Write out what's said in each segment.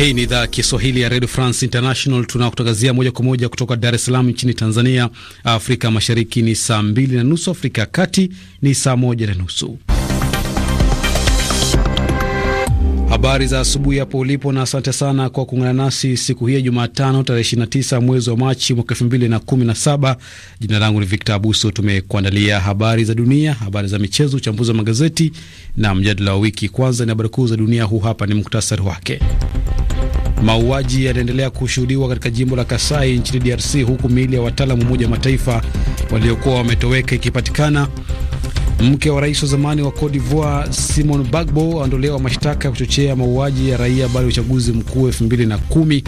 Hii ni idhaa ya Kiswahili ya redio France International. Tunakutangazia moja kwa moja kutoka Dar es Salaam nchini Tanzania. Afrika Mashariki ni saa mbili na nusu, Afrika ya Kati ni saa moja na nusu. Habari za asubuhi hapo ulipo, na asante sana kwa kuungana nasi siku hii ya Jumatano tarehe 29 mwezi wa Machi mwaka 2017. Jina langu ni Victor Abuso. Tumekuandalia habari za dunia, habari za michezo, uchambuzi wa magazeti na mjadala wa wiki. Kwanza ni habari kuu za dunia, huu hapa ni muktasari wake. Mauaji yanaendelea kushuhudiwa katika jimbo la Kasai nchini DRC, huku miili ya wataalamu Umoja wa Mataifa waliokuwa wametoweka ikipatikana. Mke wa rais wa zamani wa Cote d'Ivoire Simon Bagbo aondolewa mashtaka ya kuchochea mauaji ya raia baada ya uchaguzi mkuu 2010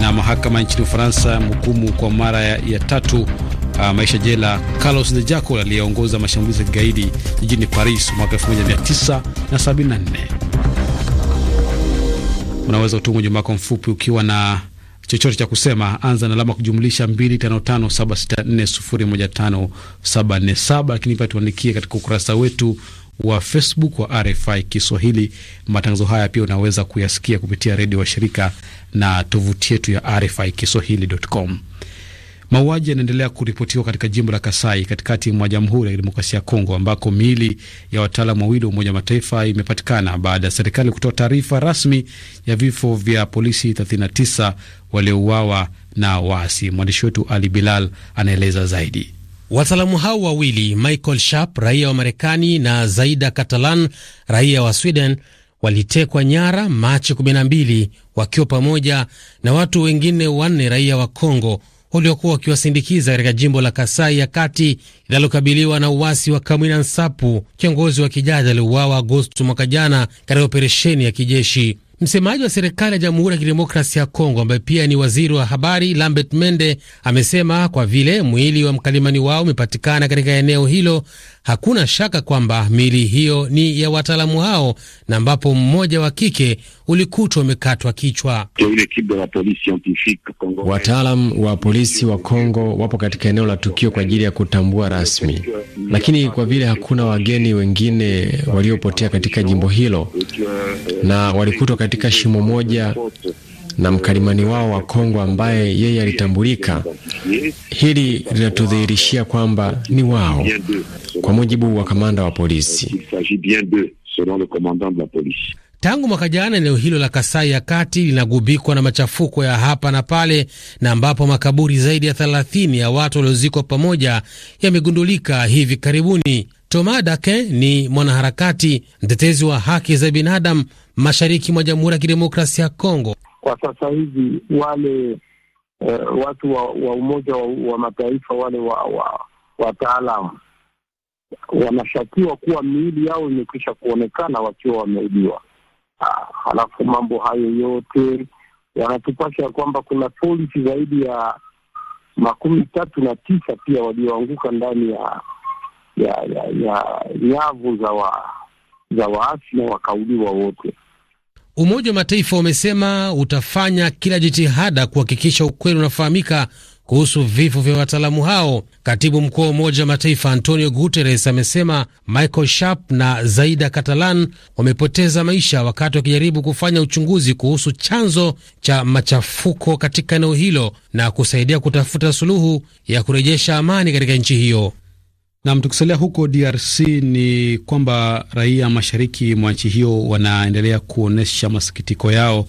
na mahakama nchini Ufaransa mhukumu kwa mara ya, ya tatu Uh, maisha jela Carlos de Jaco aliyeongoza mashambulizi ya kigaidi jijini Paris mwaka 1974. Unaweza utuma ujumbe wako mfupi ukiwa na chochote cha kusema, anza na alama kujumlisha 255764015747. Lakini pia tuandikie katika ukurasa wetu wa Facebook wa RFI Kiswahili. Matangazo haya pia unaweza kuyasikia kupitia redio wa shirika na tovuti yetu ya RFI Kiswahili.com. Mauaji yanaendelea kuripotiwa katika jimbo la Kasai katikati mwa Jamhuri ya Kidemokrasia ya Kongo ambako miili ya wataalamu wawili wa Umoja wa Mataifa imepatikana baada ya serikali kutoa taarifa rasmi ya vifo vya polisi 39 waliouawa na waasi. Mwandishi wetu Ali Bilal anaeleza zaidi. Wataalamu hao wawili Michael Sharp, raia wa Marekani, na Zaida Catalan, raia wa Sweden, walitekwa nyara Machi 12 wakiwa pamoja na watu wengine wanne raia wa Kongo waliokuwa wakiwasindikiza katika jimbo la Kasai ya kati linalokabiliwa na uasi wa Kamwina Nsapu, kiongozi wa kijadi aliuawa Agosti mwaka jana katika operesheni ya kijeshi. Msemaji wa serikali ya Jamhuri ya Kidemokrasia ya Kongo ambaye pia ni waziri wa habari Lambert Mende amesema kwa vile mwili wa mkalimani wao umepatikana katika eneo hilo, hakuna shaka kwamba miili hiyo ni ya wataalamu hao, na ambapo mmoja wa kike ulikutwa umekatwa kichwa. Wataalam wa polisi wa Kongo wapo katika eneo la tukio kwa ajili ya kutambua rasmi, lakini kwa vile hakuna wageni wengine waliopotea katika jimbo hilo na walikutwa katika shimo moja na mkalimani wao wa Kongo ambaye yeye alitambulika. Hili linatudhihirishia kwamba ni wao, kwa mujibu wa kamanda wa polisi. Tangu mwaka jana eneo hilo la Kasai ya kati linagubikwa na machafuko ya hapa na pale, na ambapo makaburi zaidi ya thelathini ya watu waliozikwa pamoja yamegundulika hivi karibuni. Toma Dake ni mwanaharakati mtetezi wa haki za binadamu mashariki mwa Jamhuri ya Kidemokrasia ya Kongo kwa sasa hivi wale eh, watu wa, wa Umoja wa, wa Mataifa wale wataalamu wa, wa wanashakiwa kuwa miili yao imekwisha kuonekana wakiwa Ah, Halafu mambo hayo yote wanatupasha ya kwamba kuna polisi zaidi ya makumi tatu na tisa pia walioanguka ndani ya ya ya nyavu za wa, za waasi na wakauliwa wote. Umoja wa Mataifa umesema utafanya kila jitihada kuhakikisha ukweli unafahamika kuhusu vifo vya wataalamu hao. Katibu mkuu wa Umoja wa Mataifa Antonio Guterres amesema Michael Sharp na Zaida Catalan wamepoteza maisha wakati wakijaribu kufanya uchunguzi kuhusu chanzo cha machafuko katika eneo hilo na kusaidia kutafuta suluhu ya kurejesha amani katika nchi hiyo. Nam, tukisalia huko DRC ni kwamba raia mashariki mwa nchi hiyo wanaendelea kuonyesha masikitiko yao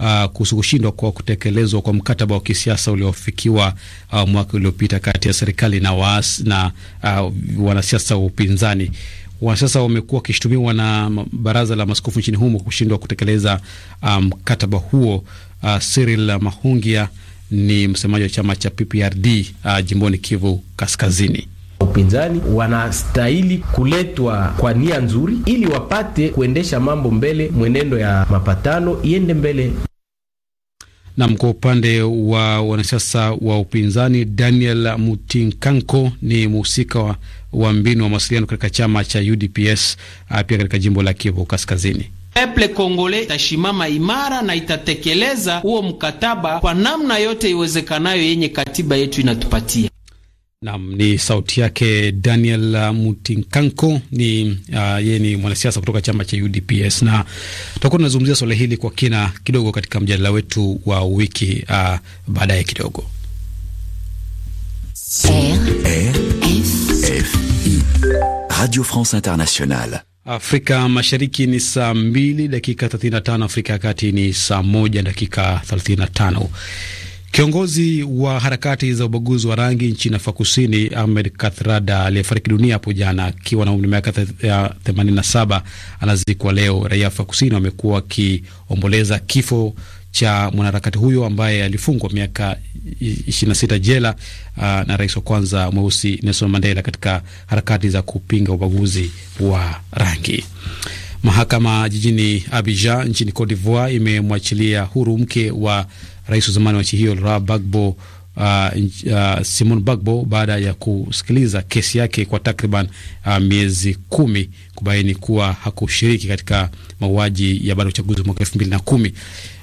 uh, kuhusu kushindwa kwa kutekelezwa kwa mkataba wa kisiasa uliofikiwa uh, mwaka uliopita kati ya serikali na waasi na uh, wanasiasa wa upinzani. Wanasiasa wamekuwa wakishutumiwa na baraza la maskofu nchini humo kushindwa kutekeleza mkataba um, huo. Uh, Cyril Mahungia ni msemaji wa chama cha PPRD uh, jimboni Kivu Kaskazini upinzani wanastahili kuletwa kwa nia nzuri, ili wapate kuendesha mambo mbele, mwenendo ya mapatano iende mbele. Nam, kwa upande wa wanasiasa wa upinzani, Daniel Mutinkanko ni mhusika wa, wa mbinu wa mawasiliano katika chama cha UDPS ah, pia katika jimbo la Kivu Kaskazini. Peple Kongole itashimama imara na itatekeleza huo mkataba kwa namna yote iwezekanayo yenye katiba yetu inatupatia. Nam, ni sauti yake Daniel uh, Mutinkanko ni uh, yeye ni mwanasiasa kutoka chama cha UDPS, na tutakuwa tunazungumzia swala hili kwa kina kidogo katika mjadala wetu wa wiki uh, baadaye kidogo. RFI Radio France Internationale. Afrika Mashariki ni saa 2 dakika 35, Afrika ya Kati ni saa 1 dakika 35. Kiongozi wa harakati za ubaguzi wa rangi nchini Afrika Kusini, Ahmed Kathrada, aliyefariki dunia hapo jana akiwa na umri wa miaka 87, anazikwa leo. Raia Afrika Kusini wamekuwa wakiomboleza kifo cha mwanaharakati huyo ambaye alifungwa miaka 26 jela uh, na rais wa kwanza mweusi Nelson Mandela katika harakati za kupinga ubaguzi wa rangi. Mahakama jijini Abidjan nchini Cote d'Ivoire imemwachilia huru mke wa rais wa zamani wa nchi hiyo Laurent Gbagbo Uh, uh, Simon Bagbo baada ya kusikiliza kesi yake kwa takriban uh, miezi kumi kubaini kuwa hakushiriki katika mauaji ya baada ya uchaguzi mwaka elfu mbili na kumi.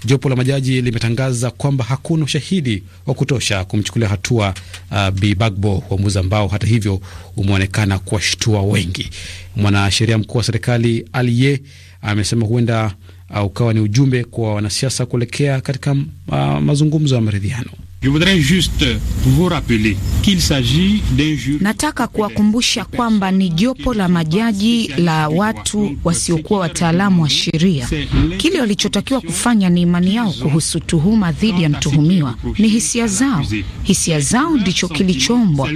Jopo la majaji limetangaza kwamba hakuna ushahidi wa kutosha kumchukulia hatua uh, Bi Bagbo, uamuzi ambao hata hivyo umeonekana kuwashtua wengi. Mwanasheria mkuu wa serikali Aliye amesema huenda ukawa ni ujumbe kwa wanasiasa kuelekea katika uh, mazungumzo ya maridhiano. Nataka kuwakumbusha kwamba ni jopo la majaji la watu wasiokuwa wataalamu wa sheria. Kile walichotakiwa kufanya ni imani yao kuhusu tuhuma dhidi ya mtuhumiwa, ni hisia zao. Hisia zao ndicho kilichombwa,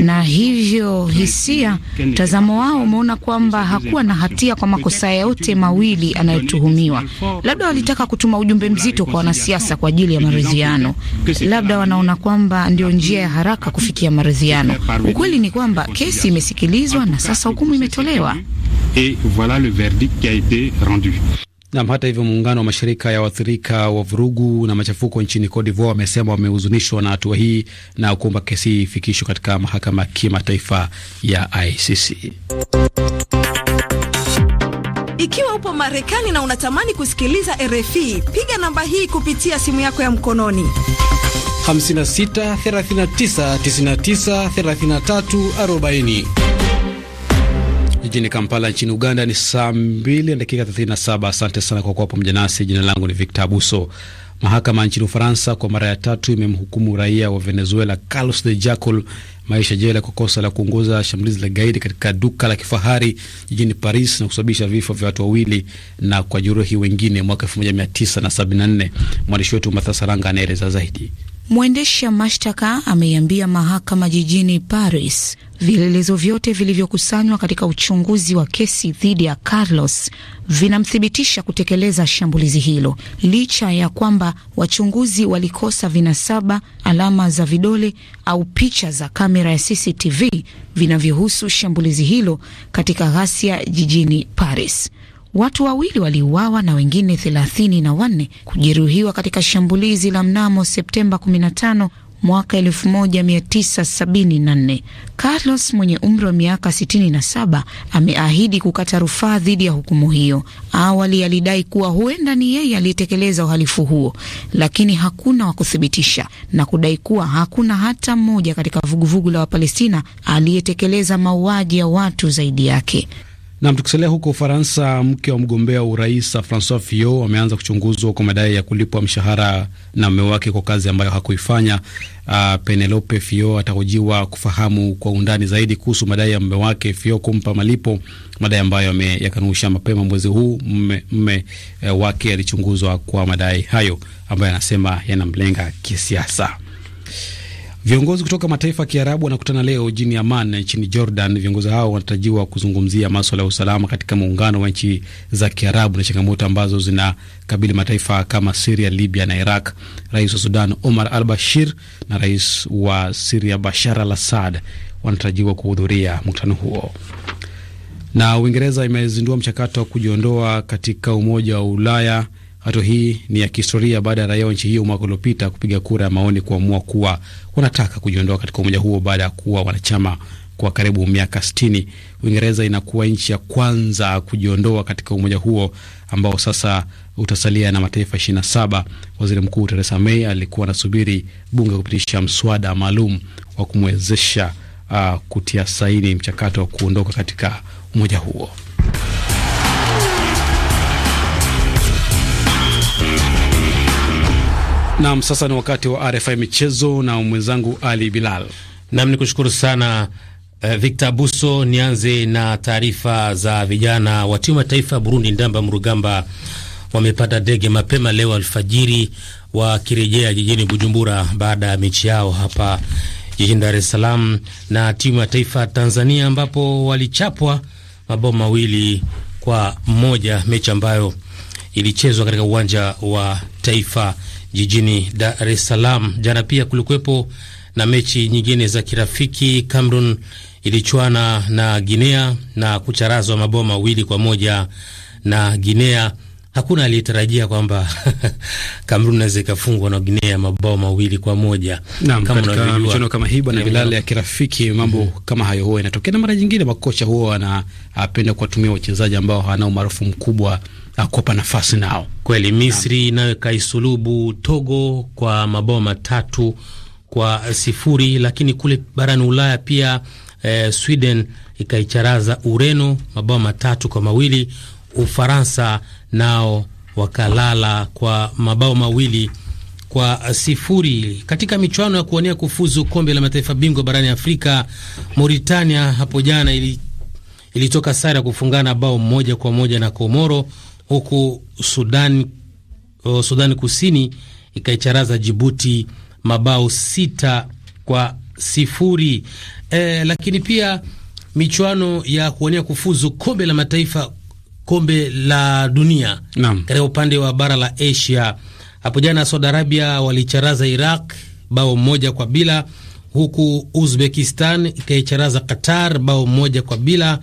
na hivyo hisia, mtazamo wao umeona kwamba hakuwa na hatia kwa makosa yote mawili anayotuhumiwa. Labda walitaka kutuma ujumbe mzito kwa wanasiasa kwa ajili ya maridhiano, labda labda wanaona kwamba ndio njia ya haraka kufikia maridhiano. Ukweli ni kwamba kesi imesikilizwa na sasa hukumu imetolewa. Nam. Hata hivyo, muungano wa mashirika ya waathirika wa vurugu na machafuko nchini Cote d'Ivoire wamesema wamehuzunishwa na hatua hii na kuomba kesi hii ifikishwe katika mahakama ya kimataifa ya ICC. Ikiwa upo Marekani na unatamani kusikiliza RFI, piga namba hii kupitia simu yako ya mkononi Jijini Kampala nchini Uganda ni saa 2 dakika 37. Asante sana kwa kuwa pamoja nasi. Jina langu ni Victor Abuso. Mahakama nchini Ufaransa kwa mara ya tatu imemhukumu raia wa Venezuela Carlos de Jacol maisha jela kwa kosa la kuongoza shambulizi la gaidi katika duka la kifahari jijini Paris na kusababisha vifo vya watu wawili na kwa jeruhi wengine mwaka 1974. Mwandishi wetu Mathasaranga anaeleza zaidi. Mwendesha mashtaka ameiambia mahakama jijini Paris vielelezo vyote vilivyokusanywa katika uchunguzi wa kesi dhidi ya Carlos vinamthibitisha kutekeleza shambulizi hilo, licha ya kwamba wachunguzi walikosa vinasaba, alama za vidole au picha za kamera ya CCTV vinavyohusu shambulizi hilo katika ghasia jijini Paris. Watu wawili waliuawa na wengine thelathini na wanne kujeruhiwa katika shambulizi la mnamo Septemba 15 mwaka 1974. Carlos mwenye umri wa miaka 67 ameahidi kukata rufaa dhidi ya hukumu hiyo. Awali alidai kuwa huenda ni yeye aliyetekeleza uhalifu huo, lakini hakuna wa kuthibitisha, na kudai kuwa hakuna hata mmoja katika vuguvugu la Wapalestina aliyetekeleza mauaji ya watu zaidi yake. Nam, tukisalia huko Ufaransa, mke wa mgombea wa urais Francois Fillon ameanza kuchunguzwa kwa madai ya kulipwa mshahara na mume wake kwa kazi ambayo hakuifanya. Uh, Penelope Fillon atahojiwa kufahamu kwa undani zaidi kuhusu madai ya mume wake Fillon kumpa malipo, madai ambayo ameyakanusha mapema mwezi huu. mme mme eh, wake alichunguzwa kwa madai hayo ambayo anasema yanamlenga kisiasa. Viongozi kutoka mataifa ya Kiarabu wanakutana leo jini Aman nchini Jordan. Viongozi hao wanatarajiwa kuzungumzia maswala ya usalama katika muungano wa nchi za Kiarabu na changamoto ambazo zinakabili mataifa kama Siria, Libya na Iraq. Rais wa Sudan Omar al Bashir na rais wa Siria Bashar al Assad wanatarajiwa kuhudhuria mkutano huo. Na Uingereza imezindua mchakato wa kujiondoa katika Umoja wa Ulaya Hatua hii ni ya kihistoria baada ya raia wa nchi hiyo mwaka uliopita kupiga kura ya maoni kuamua kuwa wanataka kujiondoa katika umoja huo baada ya kuwa wanachama kwa karibu miaka 60. Uingereza inakuwa nchi ya kwanza kujiondoa katika umoja huo ambao sasa utasalia na mataifa 27. Waziri Mkuu Theresa May alikuwa anasubiri bunge kupitisha mswada maalum wa kumwezesha uh, kutia saini mchakato wa kuondoka katika umoja huo. Nam, sasa ni wakati wa RFI michezo na mwenzangu Ali Bilal. Nam, ni kushukuru sana uh, Victor Buso. Nianze na taarifa za vijana wa timu ya taifa ya Burundi, Ndamba Murugamba wamepata ndege mapema leo alfajiri wakirejea jijini Bujumbura baada ya mechi yao hapa jijini Dar es Salaam na timu ya taifa Tanzania, ambapo walichapwa mabao mawili kwa moja, mechi ambayo ilichezwa katika uwanja wa taifa jijini Dar es Salaam. Jana pia kulikuwepo na mechi nyingine za kirafiki. Cameroon ilichuana na Guinea na kucharazwa mabao mawili kwa moja na Guinea. Hakuna aliyetarajia kwamba Kamerun naweza ikafungwa na Guinea mabao mawili kwa moja. Naam, michuano kama hii bwana Bilal ya kirafiki mambo mm -hmm. kama hayo huwa inatokea na mara nyingine makocha huwa wanapenda ah, kuwatumia wachezaji ambao hawana umaarufu mkubwa akopa nafasi nao. Kweli Misri nayo kaisulubu Togo kwa mabao matatu kwa sifuri, lakini kule barani Ulaya pia eh, Sweden ikaicharaza Ureno mabao matatu kwa mawili. Ufaransa nao wakalala kwa mabao mawili kwa sifuri. Katika michuano ya kuwania kufuzu kombe la mataifa bingwa barani Afrika, Mauritania hapo jana ili, ilitoka sare ya kufungana bao moja kwa moja na Komoro huku Sudan, uh, Sudan Kusini ikaicharaza Jibuti mabao sita kwa sifuri. E, lakini pia michuano ya kuwania kufuzu kombe la mataifa kombe la dunia katika upande wa bara la Asia, hapo jana Saudi Arabia walicharaza Iraq bao moja kwa bila, huku Uzbekistan ikaicharaza Qatar bao moja kwa bila,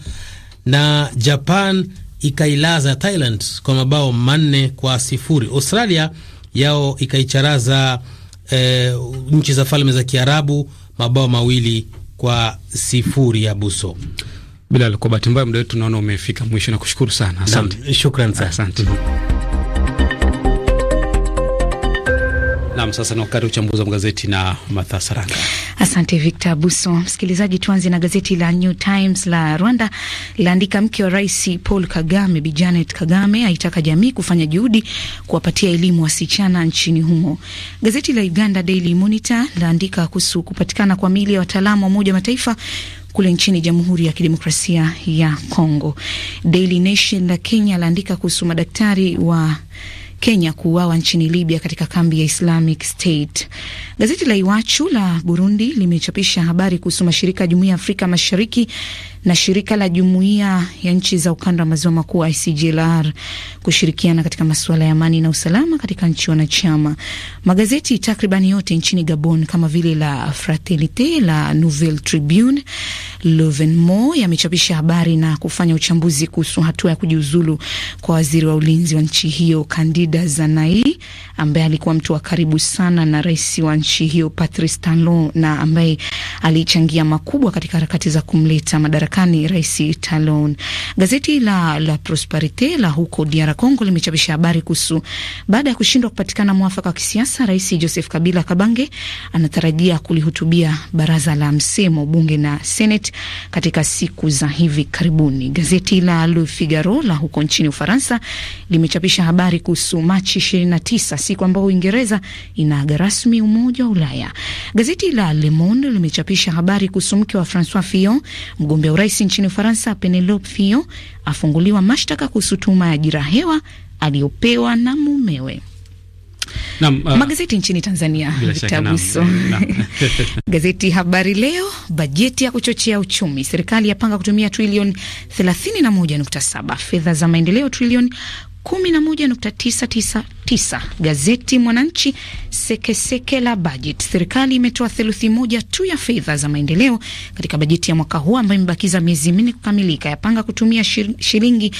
na Japan ikailaza Thailand kwa mabao manne kwa sifuri. Australia yao ikaicharaza e, nchi za Falme za Kiarabu mabao mawili kwa sifuri ya buso. Bilal, kwa bahati mbaya muda wetu naona umefika mwisho, na kushukuru sana asante. Shukran sana asante. Nam, sasa ni wakati wa uchambuzi wa magazeti na Matha Saranga. Asante Victor Buso. Msikilizaji, tuanze na gazeti la New Times la Rwanda. Laandika mke wa rais Paul Kagame, Bi Janet Kagame aitaka jamii kufanya juhudi kuwapatia elimu wasichana nchini humo. Gazeti la Uganda Daily Monitor laandika kuhusu kupatikana kwa mili ya wataalamu wa Umoja wa Mataifa kule nchini Jamhuri ya Kidemokrasia ya Kongo. Daily Nation la Kenya laandika kuhusu madaktari wa Kenya kuuawa nchini Libya katika kambi ya Islamic State. Gazeti la Iwachu la Burundi limechapisha habari kuhusu mashirika ya Jumuiya ya Afrika Mashariki na shirika la Jumuiya ya nchi za ukanda wa maziwa makuu ICGLR kushirikiana katika masuala ya amani na usalama katika nchi wanachama. Magazeti takriban yote nchini Gabon kama vile la Fraternite, la Nouvelle Tribune Leuven yamechapisha habari na kufanya uchambuzi kuhusu hatua ya kujiuzulu kwa waziri wa ulinzi wa nchi hiyo Candida Zanai, ambaye alikuwa mtu wa karibu sana na rais wa nchi hiyo Patrice Talon na ambaye alichangia makubwa katika harakati za kumleta madarakani rais Talon. Gazeti la La Prosperite la huko DR Congo limechapisha habari kuhusu baada ya kushindwa kupatikana mwafaka wa kisiasa, rais Joseph Kabila Kabange anatarajia kulihutubia baraza la msemo bunge na seneti katika siku za hivi karibuni. Gazeti la Le Figaro la huko nchini Ufaransa limechapisha habari kuhusu Machi 29, siku ambayo Uingereza inaaga rasmi Umoja wa Ulaya. Gazeti la Le Monde limechapisha habari kuhusu mke wa Francois Fillon, mgombea urais nchini Ufaransa, Penelope Fillon afunguliwa mashtaka kuhusu tuma ya ajira hewa aliyopewa na mumewe na, uh, magazeti nchini Tanzania vitabuso gazeti Habari Leo, bajeti ya kuchochea uchumi, serikali yapanga kutumia trilioni 31.7, fedha za maendeleo trilioni 11.999 gazeti Mwananchi. Sekeseke la bajeti, serikali imetoa theluthi moja tu ya fedha za maendeleo katika bajeti ya mwaka huu ambayo imebakiza miezi minne kukamilika, yapanga kutumia shilingi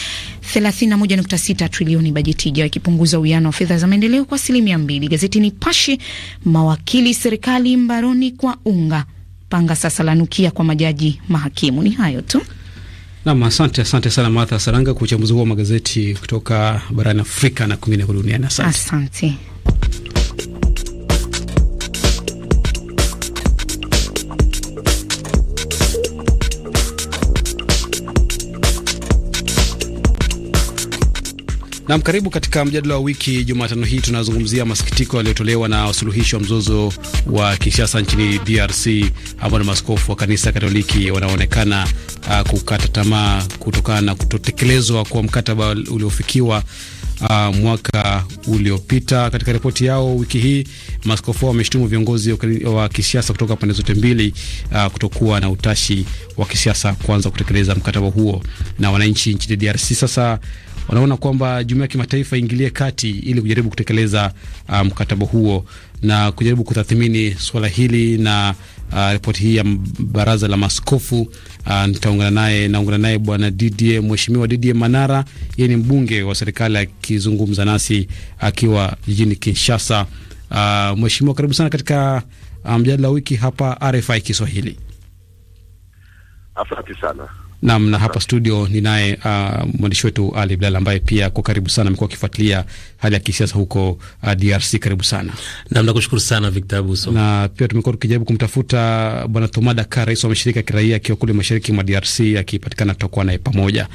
31.6 trilioni bajeti ijayo, ikipunguza uwiano wa fedha za maendeleo kwa asilimia mbili. Gazeti Nipashe, mawakili serikali mbaroni kwa unga, panga sasa lanukia kwa majaji mahakimu. Ni hayo tu. Nam, asante asante sana Martha Saranga kwa uchambuzi huo wa magazeti kutoka barani Afrika na kwingine duniani. Asante, asante. Nam, karibu katika mjadala wa wiki. Jumatano hii tunazungumzia masikitiko yaliyotolewa na wasuluhishi wa mzozo wa kisiasa nchini DRC ambao ni maskofu wa kanisa Katoliki wanaonekana uh, ah, kukata tamaa kutokana na kutotekelezwa kwa mkataba uliofikiwa Uh, mwaka uliopita. Katika ripoti yao wiki hii, maskofu wameshtumu viongozi wa kisiasa kutoka pande zote mbili uh, kutokuwa na utashi wa kisiasa kuanza kutekeleza mkataba huo, na wananchi nchini DRC sasa wanaona kwamba jumuiya ya kimataifa iingilie kati ili kujaribu kutekeleza uh, mkataba um, huo na kujaribu kutathmini suala hili na uh, ripoti hii ya baraza la maskofu. Uh, nitaungana naye naungana naye bwana Didier, mheshimiwa Didier Manara, yeye ni mbunge wa serikali akizungumza nasi akiwa jijini Kinshasa. Uh, mheshimiwa, karibu sana katika uh, mjadala um, wa wiki hapa RFI Kiswahili. Asante sana. Nam, na hapa studio ninaye uh, mwandishi wetu Ali Bilal ambaye pia kwa karibu sana amekuwa akifuatilia hali ya kisiasa huko uh, DRC. Karibu sana. Nam, nakushukuru sana Victor Abuso. Na pia tumekuwa tukijaribu kumtafuta bwana Tomada Ka, rais wa mashirika ya kiraia akiwa kule mashariki mwa DRC, akipatikana tutakuwa naye pamoja.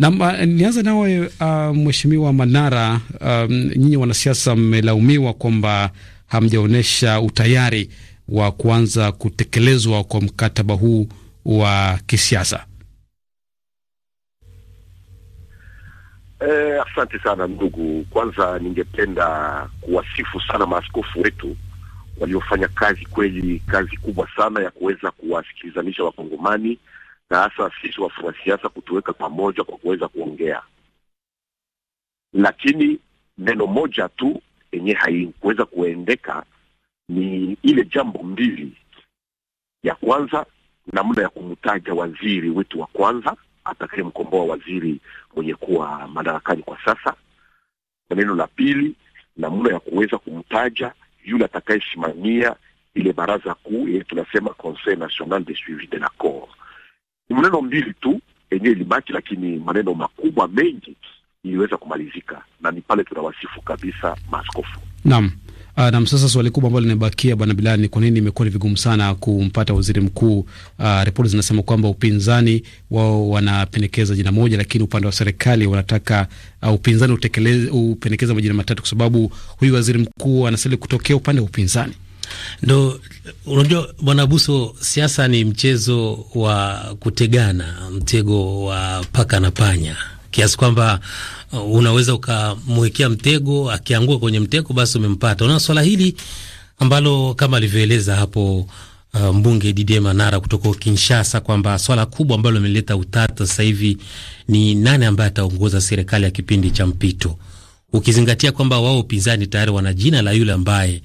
Uh, nianza nawe uh, mheshimiwa Manara, um, nyinyi wanasiasa mmelaumiwa kwamba hamjaonyesha utayari wa kuanza kutekelezwa kwa mkataba huu wa kisiasa Eh, asante sana ndugu. Kwanza ningependa kuwasifu sana maaskofu wetu waliofanya kazi kweli, kazi kubwa sana ya kuweza kuwasikilizanisha Wakongomani na hasa sisi wafanya siasa kutuweka pamoja kwa kuweza kuongea, lakini neno moja tu yenye haikuweza kuendeka ni ile jambo mbili. Ya kwanza namna ya kumtaja waziri wetu wa kwanza atakayemkomboa waziri mwenye kuwa madarakani kwa sasa. Maneno la pili, namna ya kuweza kumtaja yule atakayesimamia ile baraza kuu yenye tunasema Conseil National de Suivi de l'Accord. Ni maneno mbili tu yenyewe ilibaki, lakini maneno makubwa mengi iliweza kumalizika, na ni pale tunawasifu kabisa maskofu Naam. Uh, nam sasa swali kubwa ambalo linabakia bwana Bilani, kwa nini imekuwa ni vigumu sana kumpata waziri mkuu? Uh, ah, ripoti zinasema kwamba upinzani wao wanapendekeza jina moja, lakini upande wa serikali wanataka uh, upinzani utekeleze upendekeza majina matatu, kwa sababu huyu waziri mkuu anasali kutokea upande wa upinzani. Ndo unajua bwana Buso, siasa ni mchezo wa kutegana, mtego wa paka na panya, kiasi kwamba Uh, unaweza ukamwekea mtego, akianguka kwenye mtego basi umempata. Unaona swala hili ambalo kama alivyoeleza hapo uh, mbunge Didier Manara kutoka Kinshasa kwamba swala kubwa ambalo limeleta utata sasa hivi ni nani ambaye ataongoza serikali ya kipindi cha mpito, ukizingatia kwamba wao upinzani tayari wana jina la yule ambaye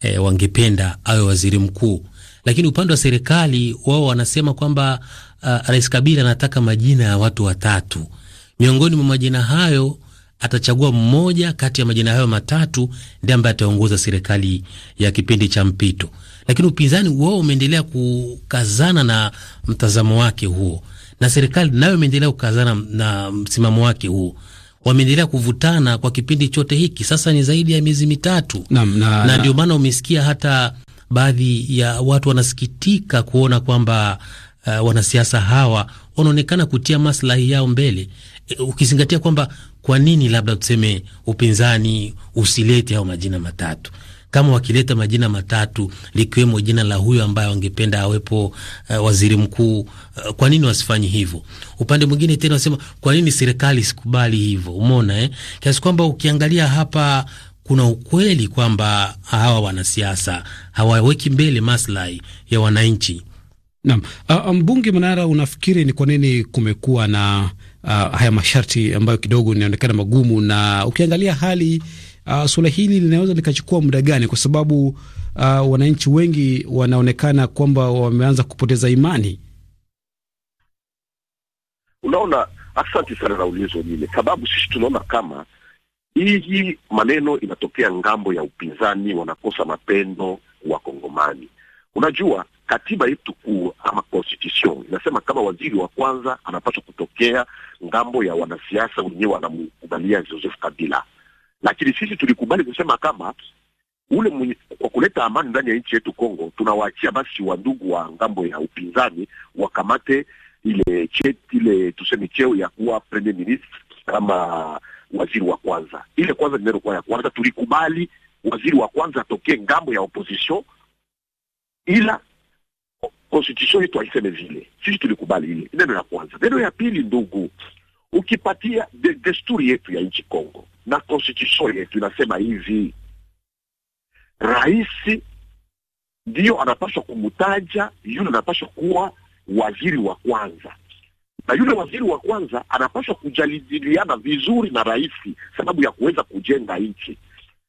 e, wangependa awe waziri mkuu lakini upande wa serikali wao wanasema kwamba uh, Rais Kabila anataka majina ya watu watatu Miongoni mwa majina hayo atachagua mmoja kati ya majina hayo matatu ndiye ambaye ataongoza serikali ya kipindi cha mpito. Lakini upinzani wao umeendelea kukazana na mtazamo wake huo, na serikali nayo imeendelea kukazana na msimamo wake huo. Wameendelea kuvutana kwa kipindi chote hiki, sasa ni zaidi ya miezi mitatu, na ndio maana umesikia hata baadhi ya watu wanasikitika kuona kwamba uh, wanasiasa hawa wanaonekana kutia maslahi yao mbele ukizingatia kwamba kwa nini labda tuseme upinzani usilete hao majina matatu kama wakileta majina matatu likiwemo jina la huyo ambaye wangependa awepo uh, waziri mkuu uh, kwa nini wasifanyi hivyo? Upande mwingine tena wasema kwa nini serikali isikubali hivyo? Umeona eh? Kiasi kwamba ukiangalia hapa kuna ukweli kwamba hawa wanasiasa hawaweki mbele maslahi ya wananchi. Naam, ah, ah, mbunge Mnara, unafikiri ni kwa nini kumekuwa na uh, haya masharti ambayo kidogo inaonekana magumu, na ukiangalia hali uh, suala hili linaweza likachukua muda gani? Kwa sababu uh, wananchi wengi wanaonekana kwamba wameanza kupoteza imani. Unaona, asante sana na ulizo lile, sababu sisi tunaona kama hii maneno inatokea ngambo ya upinzani, wanakosa mapendo wakongomani. Unajua, katiba yetu kuu ama constitution inasema kama waziri wa kwanza anapaswa kutokea ngambo ya wanasiasa wenyewe wanamkubalia Joseph Kabila, lakini sisi tulikubali kusema kama ule mwenye, kwa kuleta amani ndani ya nchi yetu Kongo, tunawaachia basi wa ndugu wa ngambo ya upinzani wakamate ile cheti ile tuseme cheo ya kuwa premier ministre kama waziri wa kwanza. Ile kwanza neno kwa ya kwanza tulikubali waziri wa kwanza atokee ngambo ya opposition, ila Constitution yetu haiseme vile, sisi tulikubali ile neno ya kwanza. Neno ya pili, ndugu, ukipatia de desturi yetu ya nchi Kongo na constitution yetu inasema hivi, rais ndiyo anapaswa kumutaja yule anapaswa kuwa waziri wa kwanza, na yule waziri wa kwanza anapaswa kujadiliana vizuri na rais, sababu ya kuweza kujenga nchi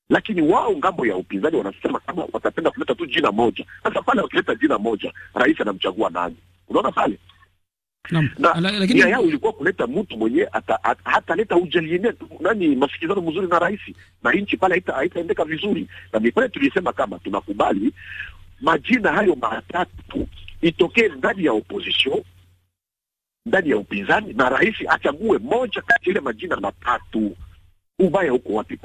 lakini wao ngambo ya upinzani wanasema kama watapenda kuleta tu jina moja. Sasa pale wakileta jina moja, rais anamchagua nani? Unaona pale na, na lakini yao ilikuwa kuleta mtu mwenye hataleta ujaliene nani masikizano mzuri na rais na nchi pale haitaendeka vizuri, na ni pale tulisema kama tunakubali majina hayo matatu itokee ndani ya opposition ndani ya upinzani na rais achague moja kati ile majina matatu ubaya huko wapi?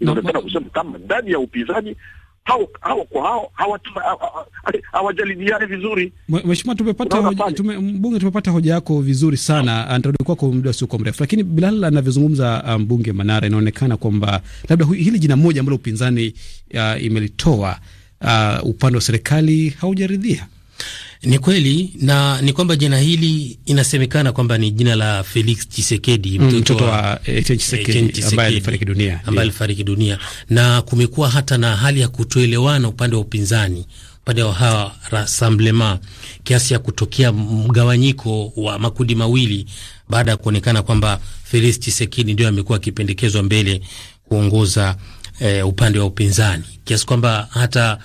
Inaonekana kusema kama ndani ya upinzani hao hao kwa hao hawajalidiani vizuri. Mheshimiwa, tumepata tume, mbunge, tumepata hoja yako vizuri sana, ah. nitarudi kwako muda usiokuwa mrefu, lakini Bilal anavyozungumza ah, mbunge Manara, inaonekana kwamba labda hili jina moja ambalo upinzani uh, imelitoa uh, upande wa serikali haujaridhia ni kweli na ni kwamba jina hili inasemekana kwamba ni jina la Felix Chisekedi, mm, mtoto wa eh, Etienne Tshisekedi ambaye alifariki dunia, ambaye alifariki dunia, na kumekuwa hata na hali ya kutoelewana upande wa upinzani upande wa hawa Rassemblement kiasi ya kutokea mgawanyiko wa makundi mawili baada ya kuonekana kwamba Felix Chisekedi ndio amekuwa akipendekezwa mbele kuongoza eh, upande wa upinzani kiasi kwamba hata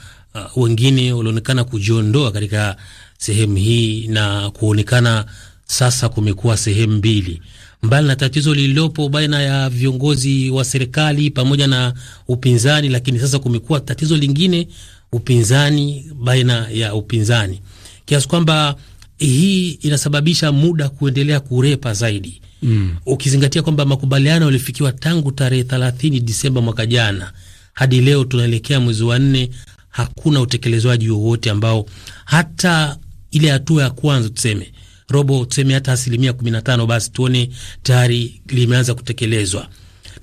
uh, wengine walionekana kujiondoa katika sehemu hii na kuonekana sasa kumekuwa sehemu mbili, mbali na tatizo lililopo baina ya viongozi wa serikali pamoja na upinzani, lakini sasa kumekuwa tatizo lingine, upinzani baina ya upinzani, kiasi kwamba hii inasababisha muda kuendelea kurepa zaidi. Mm. Ukizingatia kwamba makubaliano yalifikiwa tangu tarehe 30 Disemba mwaka jana hadi leo tunaelekea mwezi wa nne, hakuna utekelezwaji wowote ambao hata ile hatua ya kwanza tuseme robo, tuseme hata asilimia 15, basi tuone tayari limeanza kutekelezwa.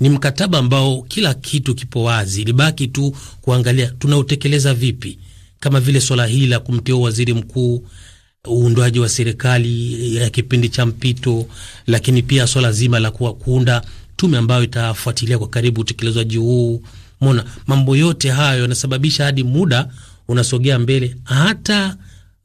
Ni mkataba ambao kila kitu kipo wazi, libaki tu kuangalia tunautekeleza vipi, kama vile swala hili la kumteua waziri mkuu, uundwaji wa serikali ya eh, kipindi cha mpito, lakini pia swala zima la kuunda tume ambayo itafuatilia kwa karibu utekelezwaji huu. Mona, mambo yote hayo yanasababisha hadi muda unasogea mbele hata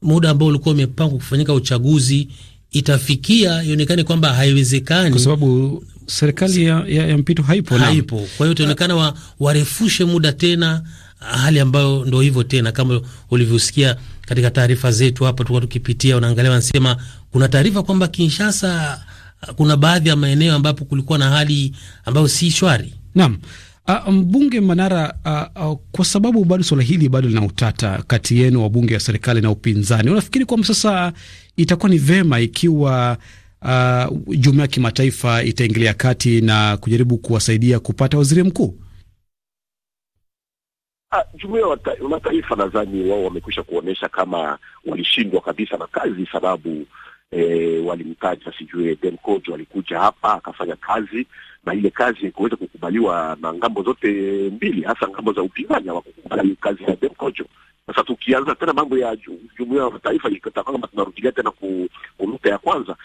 muda ambao ulikuwa umepangwa kufanyika uchaguzi itafikia ionekane kwamba haiwezekani, kwa sababu serikali ya, ya, ya mpito haipo, haipo. Kwa hiyo itaonekana wa, warefushe muda tena, hali ambayo ndo hivyo tena, kama ulivyosikia katika taarifa zetu hapa tulikuwa tukipitia, unaangalia wanasema, kuna taarifa kwamba Kinshasa kuna baadhi ya maeneo ambapo kulikuwa na hali ambayo si shwari. Naam. Ah, mbunge Manara, a, ah, a, ah, kwa sababu bado swala hili bado lina utata kati yenu wabunge wa serikali na upinzani, unafikiri kwamba sasa itakuwa ni vema ikiwa uh, jumuiya ya kimataifa itaingilia kati na kujaribu kuwasaidia kupata waziri mkuu? Jumuiya ya mataifa nadhani wao wamekwisha kuonyesha kama walishindwa kabisa na kazi, sababu eh, walimtaja sijui Demkojo alikuja hapa akafanya kazi na ile kazi kuweza kukubaliwa na ngambo zote mbili, hasa ngambo za upinzani hawakukubali hiyo kazi ya Demkojo. Sasa tukianza tena mambo ya jumuiya ya mataifa ikitakuwa kama tunarudilia tena ku ya kwanza,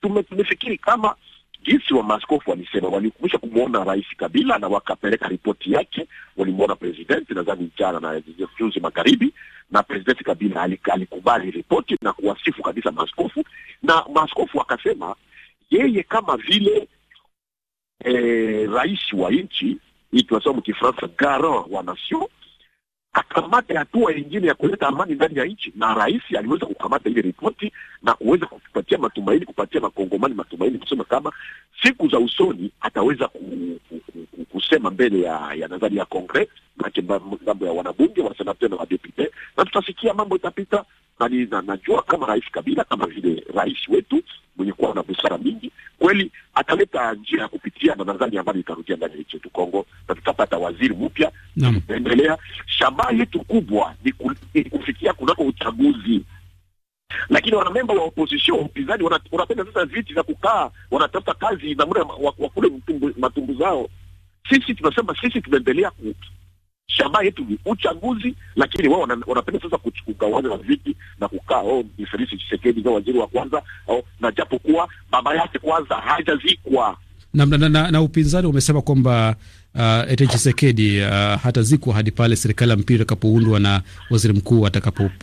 tumefikiri kama jinsi wa maskofu walisema, walikumisha kumwona Rais Kabila na wakapeleka ripoti yake. Walimwona presidenti nadhani jana na juzi magharibi, na presidenti Kabila alikubali ripoti na kuwasifu kabisa maskofu, na maskofu wakasema yeye kama vile eh, rais wa nchi hii tunasema mkifransa garant wa nation akamate hatua yingine ya kuleta amani ndani ya nchi, na rais aliweza kukamata ile ripoti na kuweza kupatia matumaini, kupatia makongomani matumaini, kusema kama siku za usoni ataweza ku, ku, ku, kusema mbele ya, ya nadhari ya Kongres, manake mambo ya wanabunge, wasenater na wadepute, na tutasikia mambo itapita. Na najua kama rais Kabila kama vile rais wetu mwenye kuwa na busara mingi kweli ataleta njia ya kupitia, na nadhani ambayo itarudia ndani nchi yetu Kongo, na tutapata waziri mpya tutaendelea. Shabaha yetu kubwa ni kufikia kunako uchaguzi lakini wanamemba wa opposition upinzani wanapenda sasa viti za kukaa, wanatafuta kazi na muda wa kule matumbu zao. Sisi tunasema sisi tunaendelea shabaha yetu ni uchaguzi, lakini wao wanapenda sasa kugawana na viti na kukaa oh, ni Felix Tshisekedi ndio waziri wa kwanza oh, na japo kuwa baba yake kwanza hajazikwa na, na, na, na upinzani umesema kwamba uh, ete Tshisekedi uh, hatazikwa hadi pale serikali ya mpira itakapoundwa na waziri mkuu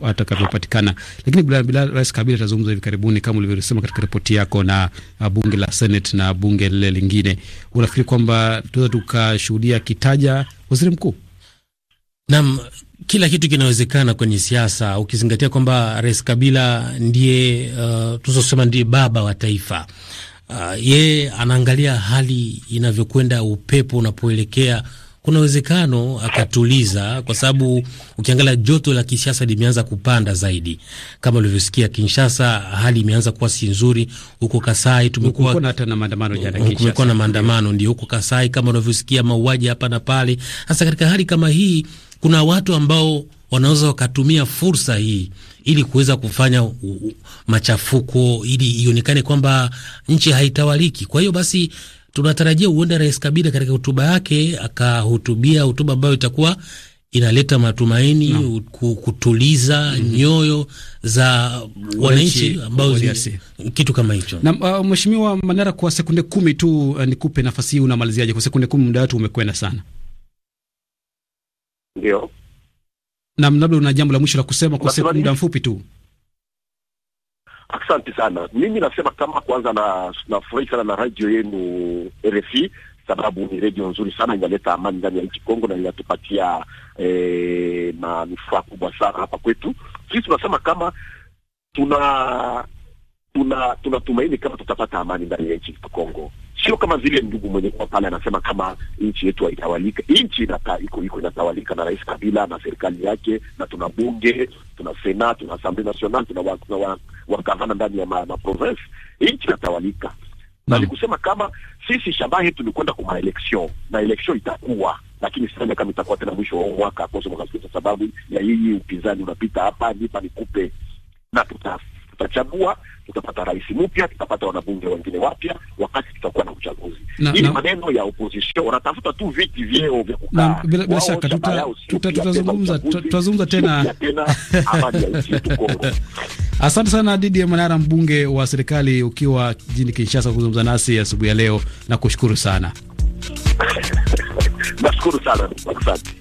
atakapopatikana. Lakini bila bila Rais Kabila atazungumza hivi karibuni, kama ulivyosema katika ripoti yako, na uh, bunge la Senate na bunge lile lingine. Unafikiri kwamba tunaweza tukashuhudia kitaja waziri mkuu? Naam, kila kitu kinawezekana kwenye siasa ukizingatia kwamba Rais Kabila ndiye uh, tuzosema ndiye baba wa taifa. Uh, yeye anaangalia hali inavyokwenda, upepo unapoelekea, kuna uwezekano akatuliza, kwa sababu ukiangalia joto la kisiasa limeanza kupanda zaidi. Kama ulivyosikia Kinshasa, hali imeanza kuwa si nzuri. Huko Kasai tumekuwa na maandamano, ndio huko Kasai, kama unavyosikia mauaji hapa na pale. Hasa katika hali kama hii kuna watu ambao wanaweza wakatumia fursa hii ili kuweza kufanya u, u, machafuko ili ionekane kwamba nchi haitawaliki. Kwa hiyo basi tunatarajia huenda Rais Kabila katika hotuba yake akahutubia hotuba ambayo itakuwa inaleta matumaini no. kutuliza mm -hmm. nyoyo za wananchi ambao kitu kama hicho. Na uh, Mheshimiwa Manara, kwa sekunde kumi tu uh, nikupe nafasi hii, unamaliziaje? Kwa sekunde kumi, muda wetu umekwenda sana. Ndio. nam. labda una jambo la mwisho la kusema kwa sekunde muda mfupi tu. Asante sana. Mimi nasema kama kwanza, na nafurahi sana na radio yenu RFI, sababu ni radio nzuri sana, inaleta amani ndani ya nchi Kongo na inatupatia eh, manufaa kubwa sana hapa kwetu. Sisi tunasema kama tuna tuna tunatumaini kama tutapata amani ndani ya nchi Kongo sio kama zile ndugu mwenye kwa pale anasema kama nchi yetu haitawalika. Nchi inata, iko iko inatawalika na Rais Kabila na serikali yake, na tuna bunge, tuna sena, tuna asamblee national, tuna wa, wagavana ndani ya ma, ma province. Nchi inatawalika na ni kusema kama sisi shabaha yetu ni kwenda kwa election na election itakuwa lakini sidhani kama itakuwa tena mwisho wa mwaka kwa sababu ya hii upinzani unapita hapa nipa nikupe na tutasi tutachagua, tutapata rais mpya, tutapata wanabunge wengine wapya, wakati tutakuwa na uchaguzi. Ili maneno ya opposition wanatafuta tu viti vyeo vya kukaa, bila shaka tutazungumza, tutazungumza tena amani ya nchi Asante sana Didi Manara, mbunge wa serikali, ukiwa jijini Kinshasa, kuzungumza nasi asubuhi ya leo na kushukuru sana. Nashukuru sana,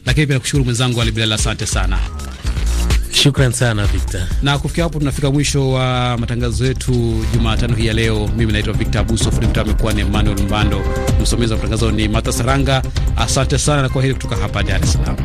Lakini pia nakushukuru mwenzangu Ali Bilal, asante sana. Shukran sana Victor. Na kufikia hapo tunafika mwisho wa matangazo yetu Jumatano hii ya leo. Mimi naitwa Victor Abuso, fulimta amekuwa ni Emmanuel Mbando, msimamizi wa matangazo ni Martha Saranga. Asante sana na kwa heri kutoka hapa Dar es Salaam.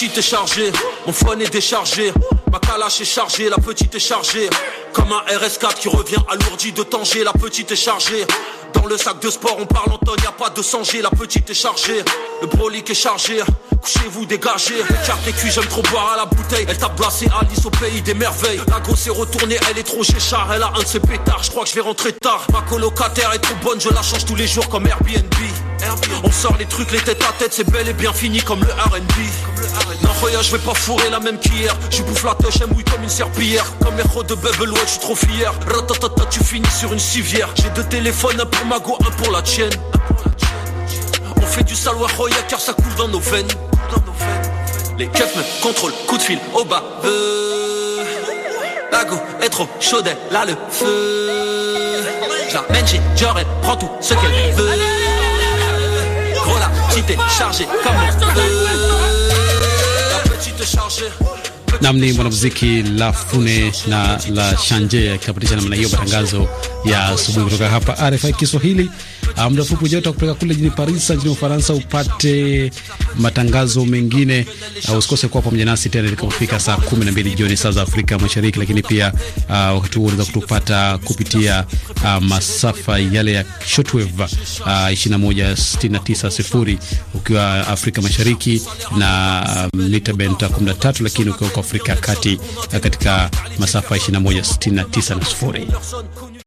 La petite est chargée, mon phone est déchargé. Ma calache est chargée, la petite est chargée. Comme un RS4 qui revient alourdi de Tanger, la petite est chargée. Dans le sac de sport, on parle en tonne, y a pas de sanger, la petite est chargée. Le brolic est chargé. Couchez-vous, dégagez. Carte tes j'aime trop boire à la bouteille. Elle t'a placé Alice au pays des merveilles. La grosse est retournée, elle est trop chéchard. Elle a un de ses pétards, je crois que je vais rentrer tard. Ma colocataire est trop bonne, je la change tous les jours comme Airbnb. On sort les trucs, les têtes à tête, c'est bel et bien fini comme le RB. Non, voyage, je vais pas fourrer la même qu'hier. Je bouffe la tête, elle mouille comme une serpillère Comme héros de Bebel, ouais, je suis trop fier. Ratatata, tu finis sur une civière. J'ai deux téléphones, un pour ma go, un pour la tienne fait du saloir wahoya car ça coule dans nos veines. Les keufs me contrôlent, coup de fil au bas. la euh. goût est trop chaude, là le feu. J'amène chez Dior, elle prend tout ce qu'elle veut. Gros la petite est comme La petite chargée. Nam ni mwanamuziki la Fune na la Shanje akikamilisha namna hiyo matangazo ya asubuhi kutoka hapa RFI Kiswahili. Ah, muda mfupi ujao utakupeleka kule jini Paris nchini Ufaransa upate matangazo mengine. Ah, usikose kuwa pamoja nasi tena itakapofika saa kumi na mbili jioni saa za Afrika Mashariki, lakini pia uh, wakati huo unaweza kutupata kupitia uh, masafa yale ya shortwave uh, 21690 ukiwa Afrika Mashariki na uh, mita benta 13, lakini ukiwa huko Afrika ya Kati katika masafa 21, 69 na 0.